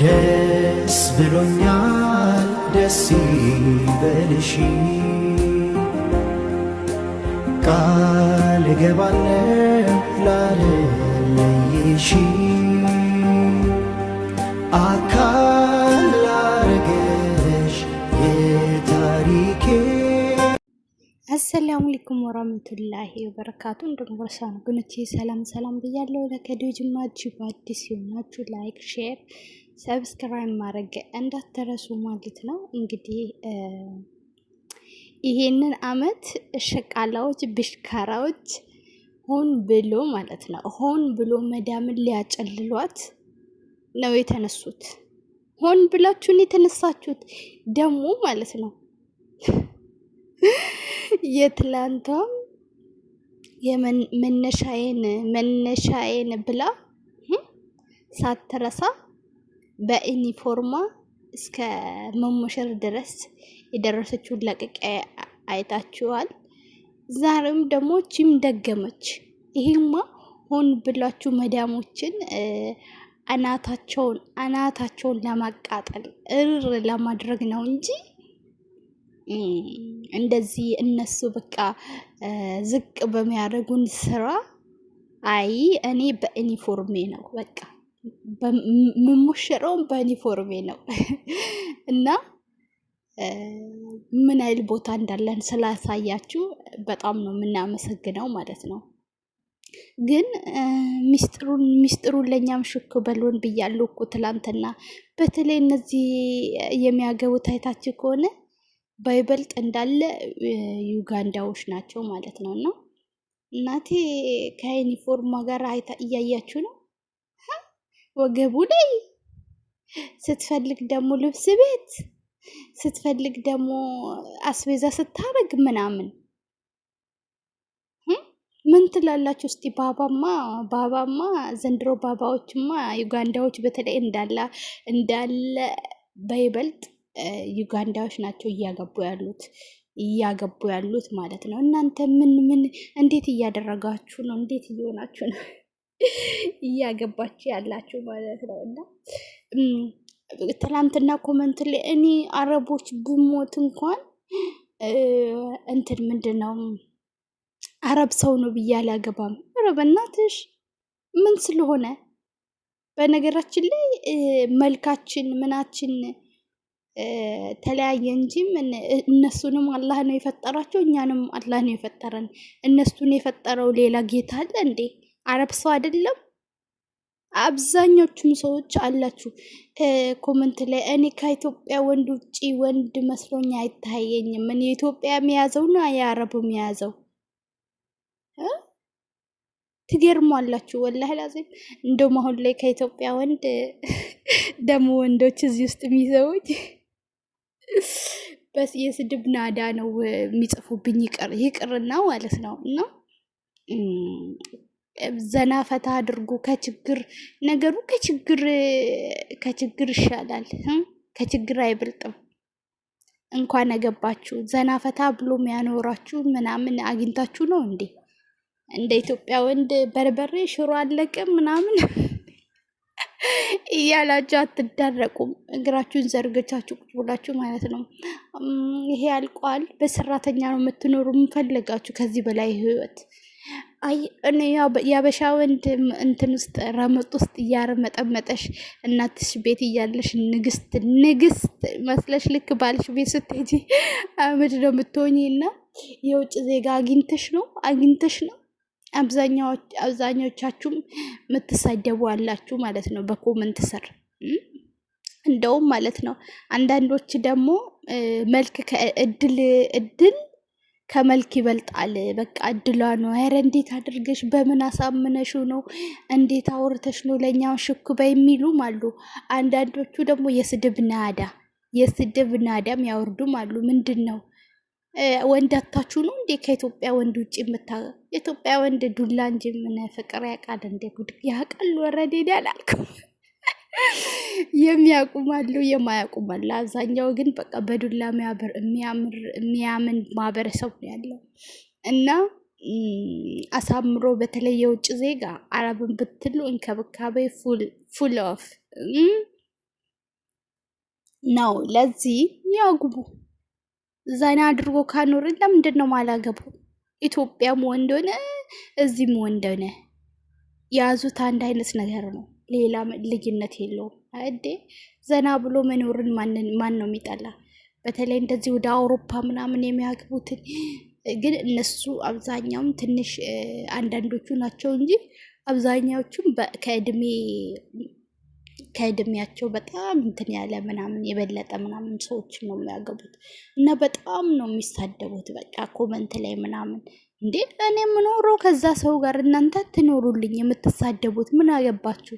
ደስ ብሎኛል፣ ደስ ይበልሽ። ቃል እገባለሁ ላለለይሽ፣ አካል ላረገሽ የታሪኬ። አሰላሙ አለይኩም ወራህመቱላሂ ወበረካቱ። እንደምን ወርሳን ጉንቼ ሰላም ሰላም ብያለሁ። ለከዲው ጅማችሁ በአዲስ የሆናችሁ ላይክ ሼር ሰብስክራይብ ማድረግ እንዳትረሱ ማለት ነው። እንግዲህ ይሄንን አመት ሽቃላዎች፣ ብሽካራዎች ሆን ብሎ ማለት ነው ሆን ብሎ መዳምን ሊያጨልሏት ነው የተነሱት። ሆን ብላችሁን የተነሳችሁት ደግሞ ማለት ነው። የትላንቷም የመነሻዬን መነሻዬን ብላ ሳትረሳ በኢኒፎርማ እስከ መሞሸር ድረስ የደረሰችውን ለቅቄ አይታችኋል። ዛሬም ደግሞ ቺም ደገመች። ይሄማ ሆን ብላችሁ መዳሞችን አናታቸውን አናታቸውን ለማቃጠል እር ለማድረግ ነው እንጂ እንደዚህ እነሱ በቃ ዝቅ በሚያደርጉን ስራ። አይ እኔ በኢኒፎርሜ ነው በቃ የምሞሸረውም በዩኒፎርሜ ነው እና ምን ያህል ቦታ እንዳለን ስላሳያችሁ በጣም ነው የምናመሰግነው ማለት ነው። ግን ሚስጥሩን ሚስጥሩን ለእኛም ሽክ በሎን ብያለሁ እኮ ትላንትና። በተለይ እነዚህ የሚያገቡት አይታችሁ ከሆነ በይበልጥ እንዳለ ዩጋንዳዎች ናቸው ማለት ነው እና እናቴ ከዩኒፎርማ ጋር እያያችሁ ነው ወገቡ ላይ፣ ስትፈልግ ደግሞ ልብስ ቤት፣ ስትፈልግ ደግሞ አስቤዛ ስታረግ ምናምን ምን ትላላችሁ እስቲ? ባባማ ባባማ ዘንድሮ ባባዎችማ ዩጋንዳዎች በተለይ እንዳለ እንዳለ በይበልጥ ዩጋንዳዎች ናቸው እያገቡ ያሉት እያገቡ ያሉት ማለት ነው። እናንተ ምን ምን እንዴት እያደረጋችሁ ነው? እንዴት እየሆናችሁ ነው? እያገባችሁ ያላችሁ ማለት ነው። እና ትላንትና ኮመንት ላይ እኔ አረቦች ብሞት እንኳን እንትን ምንድን ነው አረብ ሰው ነው ብዬ አላገባም። ኧረ በእናትሽ ምን ስለሆነ በነገራችን ላይ መልካችን ምናችን ተለያየ እንጂ እነሱንም አላህ ነው የፈጠራቸው፣ እኛንም አላህ ነው የፈጠረን። እነሱን የፈጠረው ሌላ ጌታ አለ እንዴ? አረብ ሰው አይደለም። አብዛኞቹም ሰዎች አላችሁ ኮመንት ላይ እኔ ከኢትዮጵያ ወንድ ውጭ ወንድ መስሎኝ አይታየኝም። እኔ የኢትዮጵያ የያዘው እና የአረቡ የያዘው አላችሁ። ወላሂ ላዚም እንደውም አሁን ላይ ከኢትዮጵያ ወንድ ደግሞ ወንዶች እዚህ ውስጥ የሚሰውኝ በስ የስድብ ናዳ ነው የሚጽፉብኝ። ይቅር ይቅርና ማለት ነው እና ዘና ፈታ አድርጎ ከችግር ነገሩ ከችግር ከችግር ይሻላል፣ ከችግር አይበልጥም። እንኳን አገባችሁ ዘና ፈታ ብሎ የሚያኖራችሁ ምናምን አግኝታችሁ ነው እንዴ? እንደ ኢትዮጵያ ወንድ በርበሬ ሽሮ አለቅም ምናምን እያላችሁ አትዳረቁም። እግራችሁን ዘርግቻችሁ ቁጭ ብላችሁ ማለት ነው። ይሄ አልቋል። በሰራተኛ ነው የምትኖሩ የምፈልጋችሁ ከዚህ በላይ ህይወት የአበሻ ወንድ እንትን ውስጥ ረመጥ ውስጥ እያረመጠመጠሽ እናትሽ ቤት እያለሽ ንግስት ንግስት መስለሽ ልክ ባልሽ ቤት ስትሄጂ አመድ ነው የምትሆኝ። እና የውጭ ዜጋ አግኝተሽ ነው አግኝተሽ ነው አብዛኛዎቻችሁም የምትሳደቡ አላችሁ ማለት ነው በኮመንት ስር እንደውም ማለት ነው። አንዳንዶች ደግሞ መልክ ከእድል እድል ከመልክ ይበልጣል። በቃ እድሏ ነው። ኧረ እንዴት አድርገሽ በምን አሳምነሹ ነው? እንዴት አውርተሽ ነው ለእኛውን ሽኩበ የሚሉም አሉ። አንዳንዶቹ ደግሞ የስድብ ናዳ የስድብ ናዳም ያወርዱም አሉ። ምንድን ነው ወንዳታችሁ ነው እንዴ? ከኢትዮጵያ ወንድ ውጭ የምታ ኢትዮጵያ ወንድ ዱላ እንጂ ምን ፍቅር ያውቃል እንዴ? ጉድ ያውቃል። ወረዴ ዳላልክ የሚያቁማሉ አሉ የማያውቁም አብዛኛው ግን በቃ በዱላ የሚያምን ማህበረሰብ ነው ያለው እና አሳምሮ በተለይ የውጭ ዜጋ አረብን ብትሉ እንክብካቤ ፉል ኦፍ ነው። ለዚህ ያጉቡ ዘና አድርጎ ካኖር ለምንድን ነው ማላገቡ? ኢትዮጵያም ወንድ ሆነ እዚህም ወንድ ሆነ ያዙት አንድ አይነት ነገር ነው። ሌላ ልዩነት የለውም። እዴ ዘና ብሎ መኖርን ማን ነው የሚጠላ? በተለይ እንደዚህ ወደ አውሮፓ ምናምን የሚያግቡትን ግን እነሱ አብዛኛውም ትንሽ አንዳንዶቹ ናቸው እንጂ አብዛኛዎቹም ከእድሜ ከእድሜያቸው በጣም እንትን ያለ ምናምን የበለጠ ምናምን ሰዎች ነው የሚያገቡት እና በጣም ነው የሚሳደቡት። በቃ ኮመንት ላይ ምናምን እንዴ እኔ የምኖረው ከዛ ሰው ጋር እናንተ ትኖሩልኝ የምትሳደቡት ምን አገባችሁ?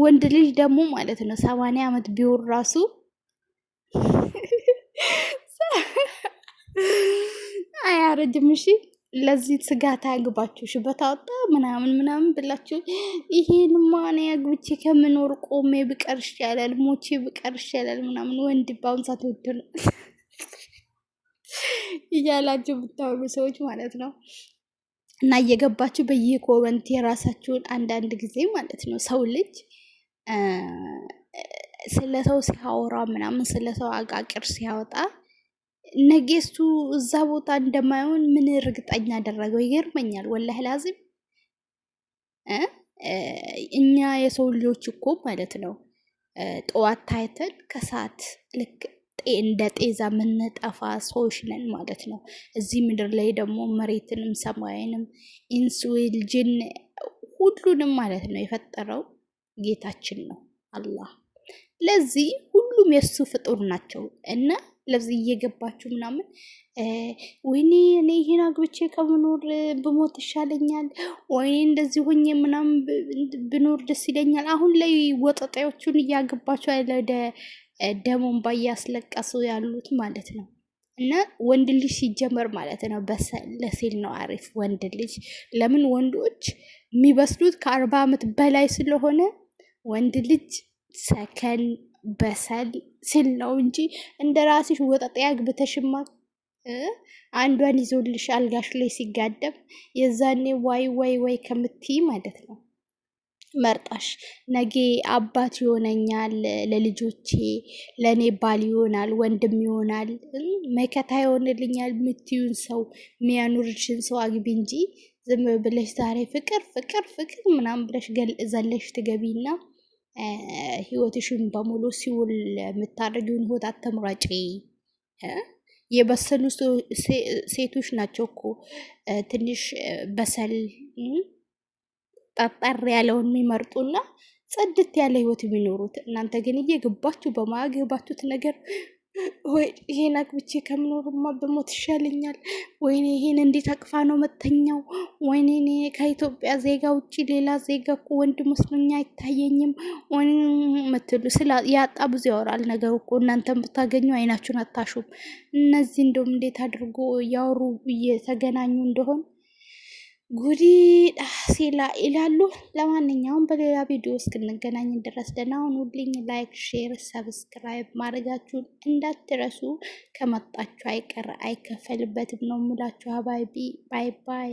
ወንድ ልጅ ደግሞ ማለት ነው ሰማንያ ዓመት ቢሆን ራሱ አያረጅም። እሺ ለዚህ ስጋት አያግባችሁ። እሺ በታወጣ ምናምን ምናምን ብላችሁ ይሄን እኔ ያግብቼ ከምኖር ቆሜ ብቀር ይሻላል፣ ሞቼ ብቀር ይሻላል ምናምን ወንድ በአሁን ሰዓት ውድ ነው እያላችሁ ብታወሩ ሰዎች ማለት ነው እና እየገባችሁ በየኮመንት የራሳችሁን አንዳንድ ጊዜ ማለት ነው ሰው ልጅ ስለ ሰው ሲያወራ ምናምን ስለ ሰው አቃቂር ሲያወጣ ነጌሱ እዛ ቦታ እንደማይሆን ምን እርግጠኛ አደረገው? ይገርመኛል። ወላህ ላዚም እኛ የሰው ልጆች እኮ ማለት ነው ጠዋት ታይተን ከሰዓት ልክ እንደ ጤዛ የምንጠፋ ሰዎች ነን ማለት ነው። እዚህ ምድር ላይ ደግሞ መሬትንም ሰማይንም ኢንስ ጅን ሁሉንም ማለት ነው የፈጠረው ጌታችን ነው አላህ። ለዚህ ሁሉም የእሱ ፍጡር ናቸው እና ለዚህ እየገባችሁ ምናምን ወይኔ እኔ ይሄን አግብቼ ከምኖር ብሞት ይሻለኛል፣ ወይኔ እንደዚህ ሆኜ ምናምን ብኖር ደስ ይለኛል። አሁን ላይ ወጠጤዎቹን እያገባችሁ ለደ ደም እያስለቀሱ ያሉት ማለት ነው። እና ወንድ ልጅ ሲጀመር ማለት ነው ለሴል ነው አሪፍ ወንድ ልጅ። ለምን ወንዶች የሚበስሉት ከአርባ ዓመት በላይ ስለሆነ ወንድ ልጅ ሰከን በሰል ስል ነው እንጂ እንደ ራስሽ ወጠጤ አግብተሽማ አንዷን ይዞልሽ አልጋሽ ላይ ሲጋደም የዛኔ ዋይ ዋይ ዋይ ከምትይ ማለት ነው መርጣሽ ነገ አባት ይሆነኛል፣ ለልጆቼ ለእኔ ባል ይሆናል፣ ወንድም ይሆናል፣ መከታ ይሆንልኛል የምትዩን ሰው የሚያኑርሽን ሰው አግቢ እንጂ ዝም ብለሽ ዛሬ ፍቅር ፍቅር ፍቅር ምናምን ብለሽ ዘለሽ ትገቢና ህይወትሽን በሙሉ ሲውል የምታደርጊውን ህይወት አተምራጭ። የበሰሉ ሴቶች ናቸው እኮ ትንሽ በሰል ጠጠር ያለውን የሚመርጡና ጽድት ያለ ህይወት የሚኖሩት። እናንተ ግን እየገባችሁ በማያገባችሁት ነገር ወይ ይሄን አግብቼ ከምኖርማ በሞት ይሻለኛል። ወይኔ ይሄን እንዴት አቅፋ ነው መተኛው? ወይኔ እኔ ከኢትዮጵያ ዜጋ ውጭ ሌላ ዜጋ እኮ ወንድ መስሎኛ አይታየኝም። ወይ ምትሉ ያጣ ብዙ ያወራል ነገሩ እኮ እናንተን ብታገኙ አይናችሁን አታሹም። እነዚህ እንደውም እንዴት አድርጎ እያወሩ እየተገናኙ እንደሆን ጉዲዳ ሲላ ይላሉ። ለማንኛውም በሌላ ቪዲዮ እስክንገናኝ ድረስ ደህና ሁኑልኝ። ላይክ፣ ሼር፣ ሰብስክራይብ ማድረጋችሁን እንዳትረሱ። ከመጣችሁ አይቀር አይከፈልበትም ነው የምላችሁ። አባይቢ ባይ ባይ።